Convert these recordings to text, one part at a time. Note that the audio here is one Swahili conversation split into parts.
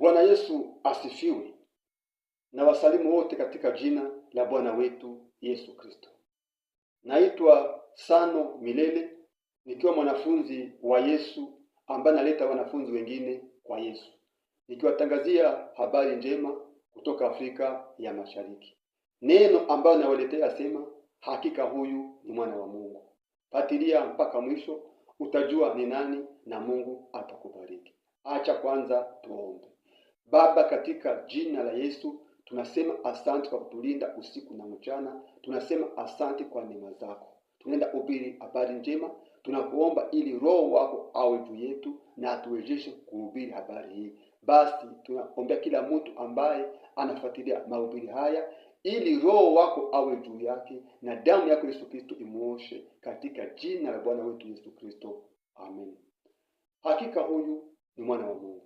Bwana Yesu asifiwe na wasalimu wote katika jina la Bwana wetu Yesu Kristo. Naitwa Sano Milele nikiwa mwanafunzi wa Yesu ambaye naleta wanafunzi wengine kwa Yesu, nikiwatangazia habari njema kutoka Afrika ya Mashariki. Neno ambayo nawaletea sema, hakika huyu ni mwana wa Mungu. Fatilia mpaka mwisho, utajua ni nani na Mungu atakubariki. Acha kwanza tuombe. Baba, katika jina la Yesu tunasema asante kwa kutulinda usiku na mchana, tunasema asante kwa neema zako. Tunaenda ubiri habari njema, tunakuomba ili Roho wako awe juu yetu na atuwezeshe kuhubiri habari hii. Basi tunaombea kila mtu ambaye anafuatilia mahubiri haya ili Roho wako awe juu yake na damu yako Yesu Kristo imuoshe katika jina la Bwana wetu Yesu Kristo, amen. Hakika huyu ni mwana wa Mungu,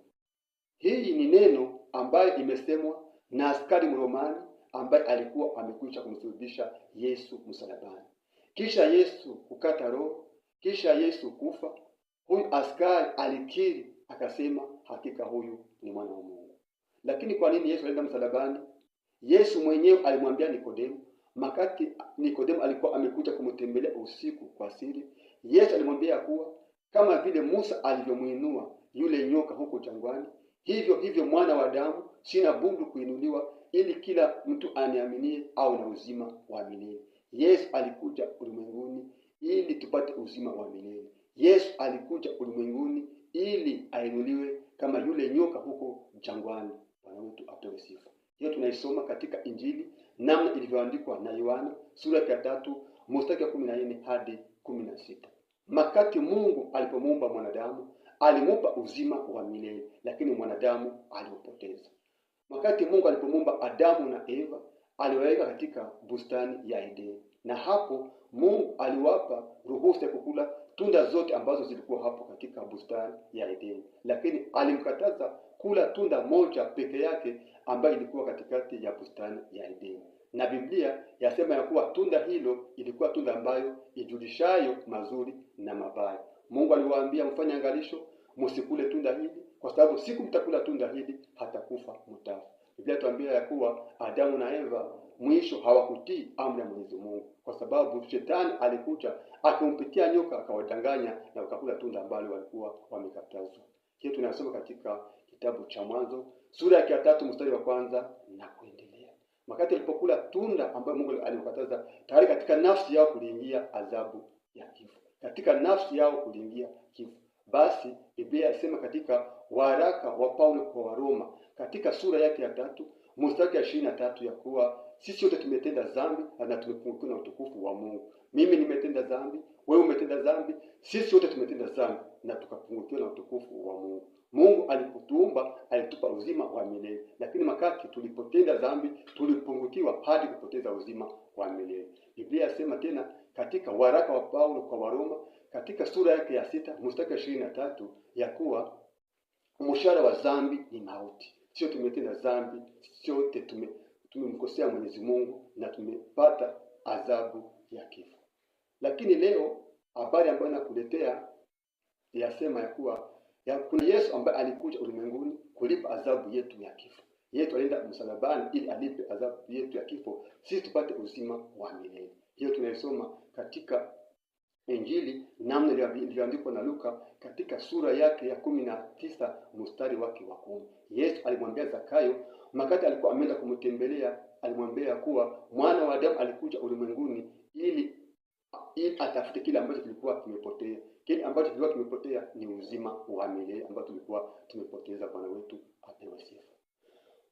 hii ni neno ambayo imesemwa na askari Mromani ambaye alikuwa amekwisha kumsulubisha Yesu msalabani, kisha Yesu kukata roho, kisha Yesu kufa. Huyu askari alikiri akasema, hakika huyu ni mwana wa Mungu. Lakini kwa nini Yesu alienda msalabani? Yesu mwenyewe alimwambia Nikodemu, makati Nikodemu alikuwa amekuja kumtembelea usiku kwa siri, Yesu alimwambia kuwa kama vile Musa alivyomwinua yule nyoka huko jangwani Hivyo hivyo mwana wa damu, sina budi kuinuliwa, ili kila mtu aniaminie au na uzima wa milele. Yesu alikuja ulimwenguni ili tupate uzima wa milele. Yesu alikuja ulimwenguni ili ainuliwe kama yule nyoka huko mchangwani. Bwana wetu apewe sifa. Hiyo tunaisoma katika Injili namna ilivyoandikwa na Yohana sura ya tatu mstari wa kumi na nne hadi kumi na sita. Makati Mungu alipomuumba mwanadamu alimupa uzima wa milele, lakini mwanadamu aliupoteza. Wakati Mungu alipomuumba Adamu na Eva, aliwaweka katika bustani ya Edeni, na hapo Mungu aliwapa ruhusa ya kukula tunda zote ambazo zilikuwa hapo katika bustani ya Edeni, lakini alimkataza kula tunda moja peke yake ambayo ilikuwa katikati ya bustani ya Edeni. Na Biblia yasema ya kuwa tunda hilo ilikuwa tunda ambayo ijulishayo mazuri na mabaya. Mungu aliwaambia mfanye angalisho, msikule tunda hili, kwa sababu siku mtakula tunda hili hatakufa mtafa. Biblia tuambia ya kuwa Adamu na Eva mwisho hawakutii amri ya Mwenyezi Mungu, kwa sababu shetani alikuja akimpitia nyoka akawadanganya na wakakula tunda ambalo walikuwa wamekatazwa. Kile tunasoma katika kitabu cha Mwanzo sura ya tatu mstari wa kwanza na kuendelea. Wakati alipokula tunda ambayo Mungu alimkataza tayari katika nafsi yao kuliingia adhabu ya kifo katika nafsi yao kulingia kifo. Basi Biblia yasema katika waraka wa Paulo kwa Waroma katika sura yake ya tatu mstari wa ishirini na tatu ya kuwa sisi wote tumetenda dhambi na tumepungukiwa na utukufu wa Mungu. Mimi nimetenda dhambi, wewe umetenda dhambi, sisi wote tumetenda dhambi na tukapungukiwa na utukufu wa Mungu. Mungu alipotuumba alitupa uzima wa milele, lakini makati tulipotenda dhambi tulipungukiwa hadi kupoteza uzima wa milele. Biblia yasema tena katika waraka wa Paulo kwa Waroma katika sura yake ya sita mstari wa ishirini na tatu ya kuwa mshahara wa dhambi ni mauti. Sio tumetenda dhambi, sote tume tumemkosea Mwenyezi Mungu na tumepata adhabu ya kifo. Lakini leo habari ambayo nakuletea yasema ya kuwa ya kuna Yesu ambaye alikuja ulimwenguni kulipa adhabu yetu ya kifo. Yesu alienda msalabani ili alipe adhabu yetu ya kifo, sisi tupate uzima wa milele. Hiyo tunaisoma katika Injili namna ilivyoandikwa na Luka katika sura yake ya kumi na tisa mstari wake wa kumi. Yesu alimwambia Zakayo makati alikuwa ameenda kumtembelea, alimwambia kuwa mwana wa Adamu alikuja ulimwenguni ili ili atafute kile ambacho kilikuwa kimepotea. Kile ambacho kilikuwa kimepotea ni uzima wa milele ambao tulikuwa tumepoteza. Bwana wetu apewe sifa.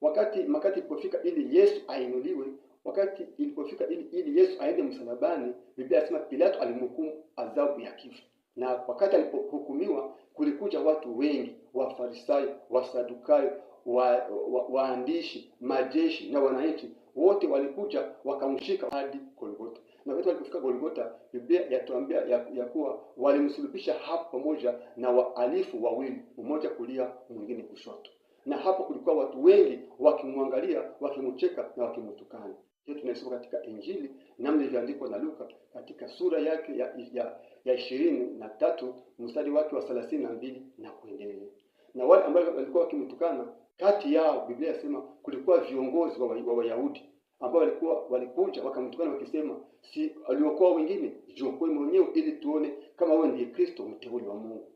Wakati makati ilipofika ili Yesu ainuliwe, wakati ilipofika ili, ili Yesu aende msalabani, Biblia inasema Pilato alimhukumu adhabu ya kifo, na wakati alipohukumiwa kulikuja watu wengi, Wafarisayo, Wasadukayo, wa, wa, waandishi, majeshi na wananchi wote walikuja wakamshika hadi Golgota, na wakati walipofika Golgota, Biblia yatuambia ya, ya kuwa walimsulubisha hapo pamoja na waalifu wawili, mmoja kulia, mwingine kushoto, na hapo kulikuwa watu wengi wakimwangalia, wakimcheka na wakimtukana. Hiyo tunaisoma katika Injili namna ilivyoandikwa na Luka katika sura yake ya, ya, ya ishirini na tatu mstari wake wa thelathini na mbili na kuendelea. Na wale ambao walikuwa wakimtukana kati yao, Biblia yasema kulikuwa viongozi wa Wayahudi ambao walikuwa walikuja wakamtukana wakisema, si aliokoa wengine, jiokoe mwenyewe ili tuone kama wewe ndiye Kristo mteuli wa Mungu.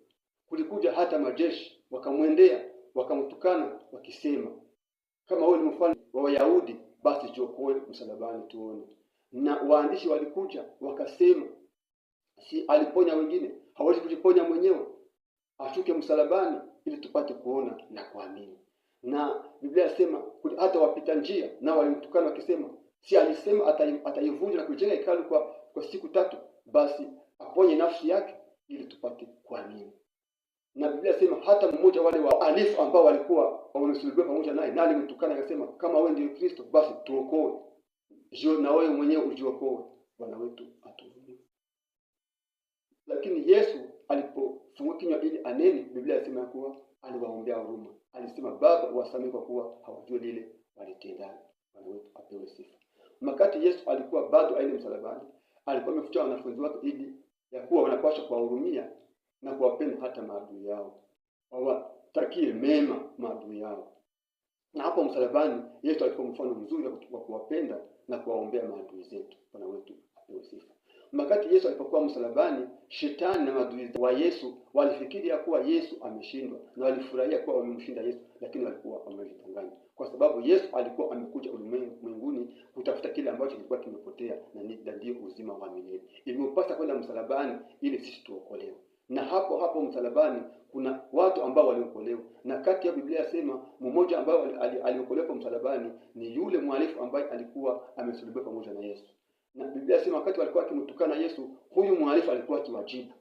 Kulikuja hata majeshi wakamwendea wakamtukana wakisema, kama wewe ni mfalme wa Wayahudi basi jokoni msalabani tuone. Na waandishi walikuja wakasema, si aliponya wengine, hawezi kujiponya mwenyewe, ashuke msalabani ili tupate kuona na kuamini. Na Biblia yasema hata wapita njia nao walimtukana wakisema, si alisema ataivunja na kujenga hekalu kwa, kwa siku tatu, basi aponye nafsi yake ili tupate kuamini. Na Biblia yasema hata mmoja wale wa alifu ambao walikuwa wamesulubiwa pamoja naye, na alimtukana akasema, kama wewe ndiye Kristo basi tuokoe, je, na wewe mwenyewe ujiokoe? Bwana wetu atuhurumie. Lakini Yesu alipofungua kinywa ili anene, Biblia inasema kuwa aliwaombea huruma, alisema, Baba wasamehe kwa kuwa hawajui lile walitendana. Bwana wetu apewe sifa. Wakati Yesu alikuwa bado aende msalabani, alikuwa amefutia wanafunzi wake ili ya kuwa wanapaswa kuwahurumia na kuwapenda hata maadui yao takie mema maadui yao. Na hapo msalabani Yesu alikuwa mfano mzuri wa kuwapenda na kuwaombea maadui zetu. Bwana wetu apewe sifa. Wakati Yesu alipokuwa msalabani, shetani na maadui wa Yesu walifikiri ya kuwa Yesu ameshindwa na walifurahia kuwa wamemshinda Yesu, lakini walikuwa wamejidanganya, kwa sababu Yesu alikuwa amekuja ulimwenguni kutafuta kile ambacho kilikuwa kimepotea, na ndio uzima wa milele. Imepasa kwenda msalabani ili sisi tuokolewe na hapo hapo msalabani kuna watu ambao waliokolewa, na kati ya Biblia yasema mmoja ambao aliokolewa msalabani ni yule mhalifu ambaye alikuwa amesulubiwa pamoja na Yesu. Na Biblia yasema wakati walikuwa akimtukana Yesu, huyu mhalifu alikuwa akiwajibu,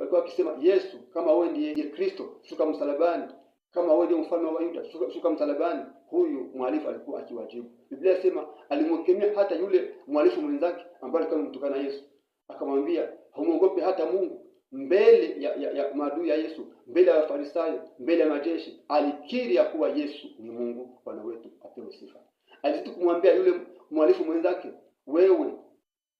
alikuwa akisema, Yesu, kama wewe ndiye Kristo, shuka msalabani kama wewe ndiye mfalme wa Yuda shuka, msalabani. Huyu mhalifu alikuwa akiwajibu. Biblia inasema alimwekemea hata yule mhalifu mwenzake ambaye alikuwa amemtukana Yesu, akamwambia humwogope hata Mungu mbele ya, ya, ya maadui ya Yesu, mbele ya Wafarisayo, mbele ya majeshi, alikiri ya kuwa Yesu ni Mungu. Bwana wetu apewe sifa. Alizidi kumwambia yule mwalifu mwenzake, wewe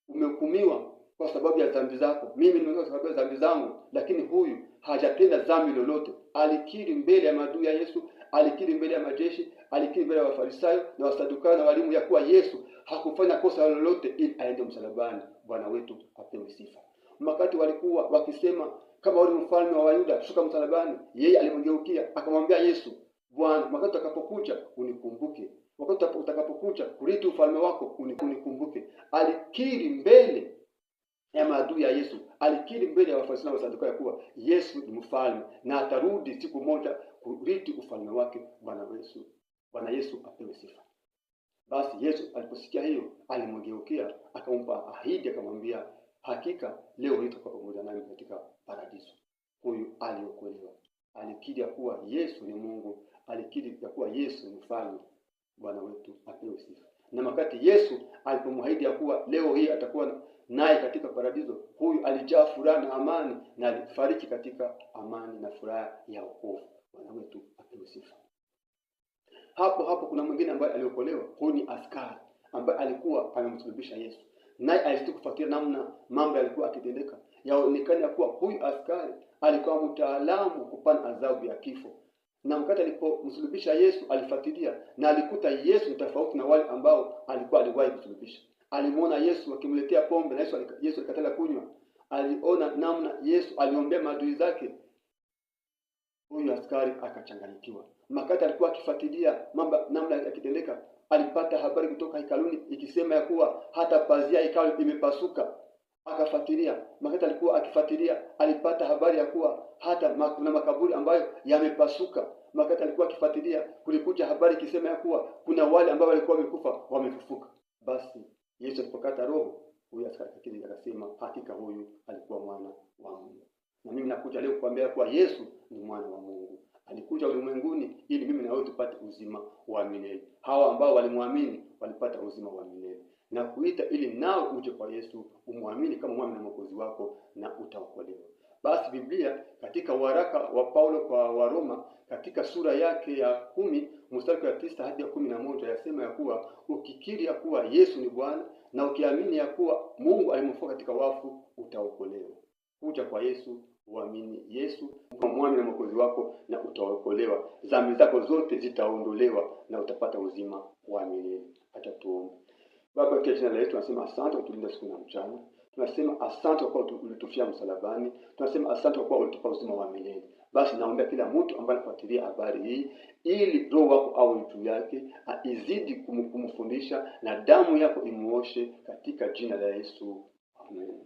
umehukumiwa kwa sababu ya dhambi zako, mimi nimehukumiwa kwa sababu ya dhambi zangu, lakini huyu hajatenda dhambi lolote. Alikiri mbele ya maadui ya Yesu, alikiri mbele ya majeshi, alikiri mbele ya Wafarisayo na Wasadukayo na walimu ya kuwa Yesu hakufanya kosa lolote, ili aende msalabani. Bwana wetu apewe sifa wakati walikuwa wakisema kama ule mfalme wa Wayuda, shuka msalabani, yeye alimgeukia akamwambia Yesu, Bwana, wakati utakapokuja unikumbuke, wakati utakapokuja kurithi ufalme wako unikumbuke. Alikiri mbele ya maadui ya Yesu, alikiri mbele ya Wafarisayo na Wasadukayo kuwa Yesu ni mfalme na atarudi siku moja kuriti ufalme wake. Bwana Yesu, Bwana Yesu apewe sifa. Basi Yesu aliposikia hiyo, alimgeukia akampa ahidi, akamwambia Hakika leo nitakuwa pamoja nami katika paradiso. Huyu aliokolewa alikiri ya kuwa Yesu ni Mungu, alikiri ya kuwa Yesu ni mfalme. Bwana wetu apewe sifa. Na wakati Yesu alipomwahidi ya kuwa leo hii atakuwa naye katika paradiso, huyu alijaa furaha na amani, na alifariki katika amani na furaha ya wokovu. Bwana wetu apewe sifa. Hapo hapo kuna mwingine ambaye aliokolewa, huyu ni askari ambaye alikuwa amemsulubisha Yesu naye alizidi namna mambo yalikuwa akitendeka. Yaonekana kuwa huyu askari alikuwa mtaalamu kupana adhabu ya kifo, na mkati alipomsulubisha Yesu alifuatilia na alikuta Yesu ni tofauti na wale ambao alikuwa aliwahi kusulubisha. Alimuona Yesu akimletea pombe na Yesu, Yesu alikataa kunywa. Aliona namna Yesu aliombea maadui zake, huyu askari akachanganyikiwa. Makati alikuwa akifuatilia mambo namna yakitendeka alipata habari kutoka hekaluni ikisema ya kuwa hata pazia hekalu imepasuka akafuatilia makati alikuwa akifuatilia alipata habari ya kuwa hata kuna makaburi ambayo yamepasuka makati alikuwa akifuatilia kulikuja habari ikisema ya kuwa kuna wale ambao walikuwa wamekufa wamefufuka basi yesu alipokata roho huyu askari akasema hakika huyu alikuwa mwana wa mungu na mimi nakuja leo kuambia kuwa yesu ni mwana wa mungu alikuja ulimwenguni ili mimi na wewe tupate uzima wa milele. Hawa ambao walimwamini walipata uzima wa milele na kuita ili nao uje kwa Yesu umwamini kama mwami na mwokozi wako na utaokolewa. Basi Biblia katika waraka wa Paulo kwa Waroma katika sura yake ya kumi mstari wa tisa hadi ya kumi na moja yasema ya kuwa ukikiri ya kuwa Yesu ni Bwana na ukiamini ya kuwa Mungu alimfufua katika wafu utaokolewa. Kuja kwa Yesu uamini Yesu mwami na mwokozi wako, na utaokolewa. Dhambi zako zote zitaondolewa na utapata uzima wa milele. Hata tuombe. Baba, katika jina la Yesu tunasema asante kwa kutulinda siku na mchana. Tunasema asante kwa kuwa ulitufia msalabani. Tunasema asante kwa kuwa ulitupa uzima wa milele. Basi naombea kila mtu ambaye anafuatilia habari hii, ili roho wako awe juu yake, izidi kumfundisha na damu yako imuoshe, katika jina la Yesu, amen.